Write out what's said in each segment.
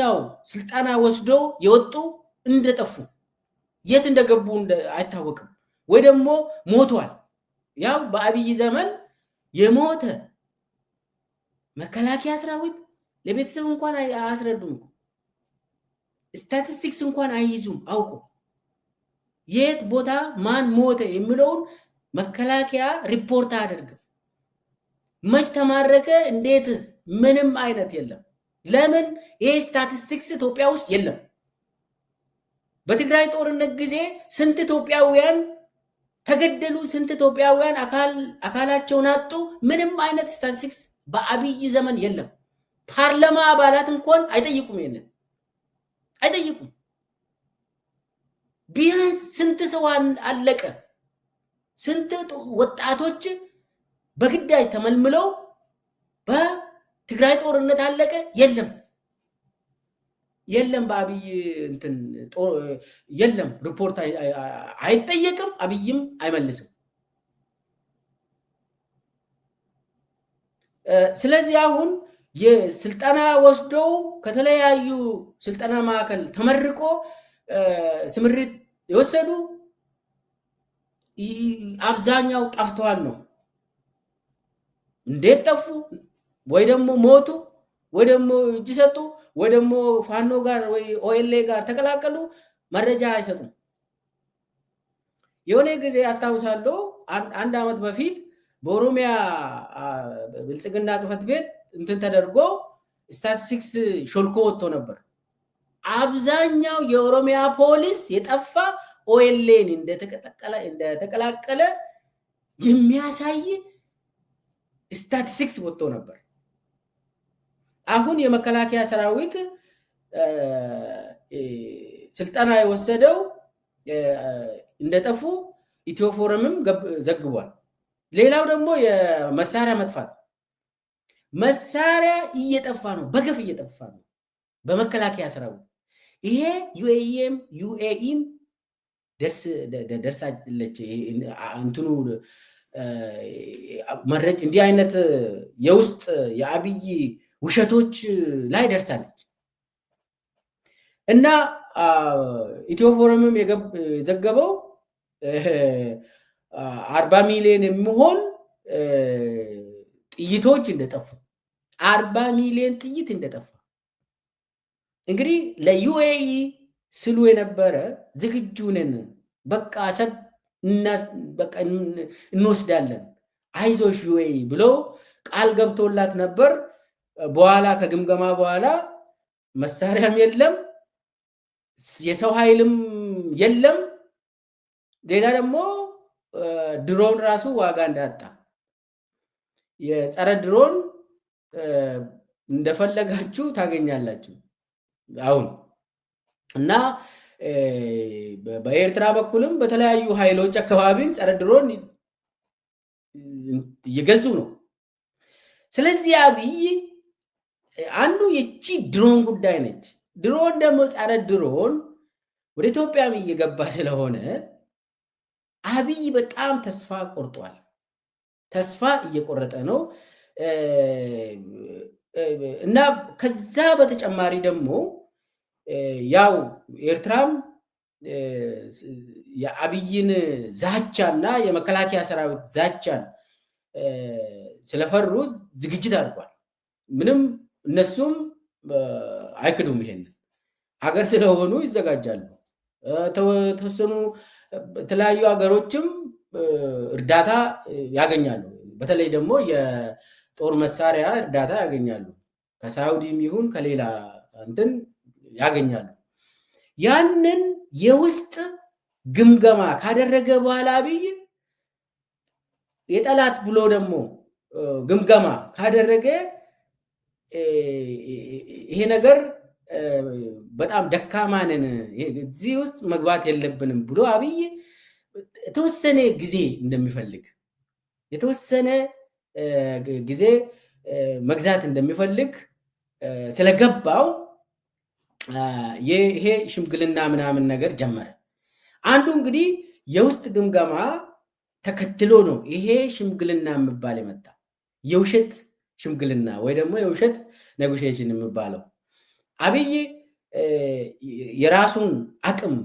ያው ስልጠና ወስዶ የወጡ እንደጠፉ የት እንደገቡ አይታወቅም። ወይ ደግሞ ሞቷል። ያው በአብይ ዘመን የሞተ መከላከያ ሰራዊት ለቤተሰብ እንኳን አያስረዱም። ስታቲስቲክስ እንኳን አይይዙም። አውቁ የት ቦታ ማን ሞተ የሚለውን መከላከያ ሪፖርት አያደርግም። መች ተማረከ፣ እንዴትስ፣ ምንም አይነት የለም። ለምን ይህ ስታቲስቲክስ ኢትዮጵያ ውስጥ የለም? በትግራይ ጦርነት ጊዜ ስንት ኢትዮጵያውያን ተገደሉ? ስንት ኢትዮጵያውያን አካላቸውን አጡ? ምንም አይነት ስታቲስቲክስ በአብይ ዘመን የለም። ፓርላማ አባላት እንኳን አይጠይቁም፣ ይሄንን አይጠይቁም። ቢያንስ ስንት ሰው አለቀ? ስንት ወጣቶች በግዳጅ ተመልምለው በ ትግራይ ጦርነት አለቀ? የለም የለም። በአብይ እንትን የለም ሪፖርት አይጠየቅም፣ አብይም አይመልስም። ስለዚህ አሁን የስልጠና ወስደው ከተለያዩ ስልጠና ማዕከል ተመርቆ ስምሪት የወሰዱ አብዛኛው ጠፍተዋል ነው። እንዴት ጠፉ? ወይ ደግሞ ሞቱ፣ ወይ ደግሞ እጅ ሰጡ፣ ወይ ደግሞ ፋኖ ጋር ወይ ኦኤልኤ ጋር ተቀላቀሉ። መረጃ አይሰጡም። የሆነ ጊዜ አስታውሳለሁ፣ አንድ ዓመት በፊት በኦሮሚያ ብልጽግና ጽህፈት ቤት እንትን ተደርጎ ስታቲስቲክስ ሾልኮ ወጥቶ ነበር። አብዛኛው የኦሮሚያ ፖሊስ የጠፋ ኦኤልኤን እንደተቀላቀለ የሚያሳይ ስታቲስቲክስ ወጥቶ ነበር። አሁን የመከላከያ ሰራዊት ስልጠና የወሰደው እንደጠፉ ኢትዮፎረምም ዘግቧል። ሌላው ደግሞ የመሳሪያ መጥፋት መሳሪያ እየጠፋ ነው፣ በገፍ እየጠፋ ነው በመከላከያ ሰራዊት። ይሄ ዩኤኢም ዩኤኢም ደርሳለች እንትኑ መረጭ እንዲህ አይነት የውስጥ የአብይ ውሸቶች ላይ ደርሳለች እና ኢትዮ ፎረምም የዘገበው አርባ ሚሊዮን የሚሆን ጥይቶች እንደጠፉ አርባ ሚሊዮን ጥይት እንደጠፋ እንግዲህ ለዩኤኢ ስሉ የነበረ ዝግጁ ነን፣ በቃ አሰብ እንወስዳለን፣ አይዞሽ ዩኤኢ ብሎ ቃል ገብቶላት ነበር። በኋላ ከግምገማ በኋላ መሳሪያም የለም፣ የሰው ኃይልም የለም። ሌላ ደግሞ ድሮን ራሱ ዋጋ እንዳጣ የጸረ ድሮን እንደፈለጋችሁ ታገኛላችሁ አሁን እና በኤርትራ በኩልም በተለያዩ ኃይሎች አካባቢ ጸረ ድሮን እየገዙ ነው። ስለዚህ አብይ አንዱ የቺ ድሮን ጉዳይ ነች። ድሮን ደግሞ ጸረ ድሮን ወደ ኢትዮጵያም እየገባ ስለሆነ አብይ በጣም ተስፋ ቆርጧል። ተስፋ እየቆረጠ ነው እና ከዛ በተጨማሪ ደግሞ ያው ኤርትራም የአብይን ዛቻና የመከላከያ ሰራዊት ዛቻን ስለፈሩ ዝግጅት አድርጓል። ምንም እነሱም አይክዱም። ይሄንን ሀገር ስለሆኑ ይዘጋጃሉ። ተወሰኑ የተለያዩ ሀገሮችም እርዳታ ያገኛሉ። በተለይ ደግሞ የጦር መሳሪያ እርዳታ ያገኛሉ። ከሳውዲም ይሁን ከሌላ እንትን ያገኛሉ። ያንን የውስጥ ግምገማ ካደረገ በኋላ አብይ የጠላት ብሎ ደግሞ ግምገማ ካደረገ ይሄ ነገር በጣም ደካማንን እዚህ ውስጥ መግባት የለብንም ብሎ አብይ የተወሰነ ጊዜ እንደሚፈልግ የተወሰነ ጊዜ መግዛት እንደሚፈልግ ስለገባው ይሄ ሽምግልና ምናምን ነገር ጀመረ። አንዱ እንግዲህ የውስጥ ግምገማ ተከትሎ ነው ይሄ ሽምግልና የሚባል የመጣ የውሸት ሽምግልና ወይ ደግሞ የውሸት ኔጎሽሽን የሚባለው አብይ የራሱን አቅም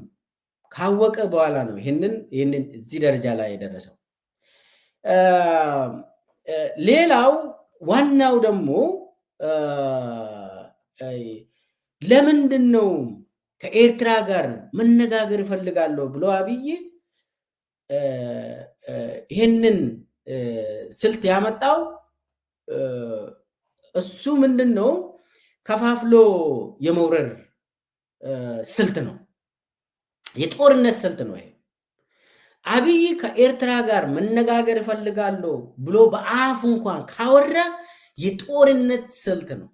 ካወቀ በኋላ ነው ይህንን ይህንን እዚህ ደረጃ ላይ የደረሰው። ሌላው ዋናው ደግሞ ለምንድን ነው ከኤርትራ ጋር መነጋገር እፈልጋለሁ ብሎ አብይ ይህንን ስልት ያመጣው እሱ ምንድን ነው ከፋፍሎ የመውረር ስልት ነው፣ የጦርነት ስልት ነው። ይሄ አብይ ከኤርትራ ጋር መነጋገር እፈልጋለሁ ብሎ በአፍ እንኳን ካወራ የጦርነት ስልት ነው።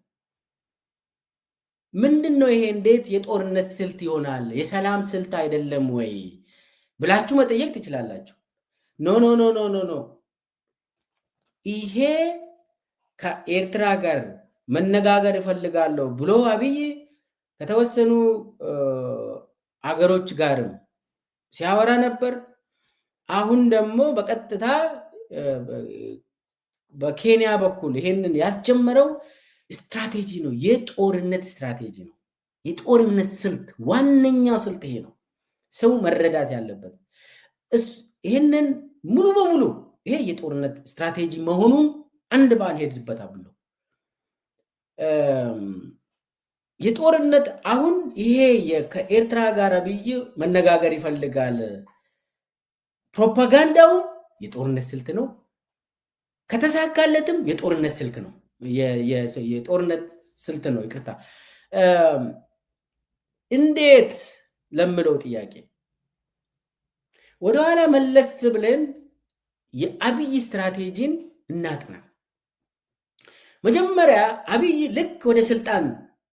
ምንድን ነው ይሄ? እንዴት የጦርነት ስልት ይሆናል? የሰላም ስልት አይደለም ወይ ብላችሁ መጠየቅ ትችላላችሁ። ኖ ኖ ኖ ኖ ኖ ኖ ይሄ ከኤርትራ ጋር መነጋገር እፈልጋለሁ ብሎ አብይ ከተወሰኑ አገሮች ጋርም ሲያወራ ነበር። አሁን ደግሞ በቀጥታ በኬንያ በኩል ይሄንን ያስጀመረው ስትራቴጂ ነው፣ የጦርነት ስትራቴጂ ነው፣ የጦርነት ስልት። ዋነኛው ስልት ይሄ ነው፣ ሰው መረዳት ያለበት ይህንን ሙሉ በሙሉ ይሄ የጦርነት ስትራቴጂ መሆኑን አንድ ባል ሄድበት ብሎ የጦርነት አሁን ይሄ ከኤርትራ ጋር አብይ መነጋገር ይፈልጋል። ፕሮፓጋንዳው የጦርነት ስልት ነው። ከተሳካለትም የጦርነት ስልክ ነው የጦርነት ስልት ነው። ይቅርታ እንዴት ለምለው ጥያቄ ወደኋላ መለስ ብለን የአብይ ስትራቴጂን እናጥናል። መጀመሪያ አብይ ልክ ወደ ስልጣን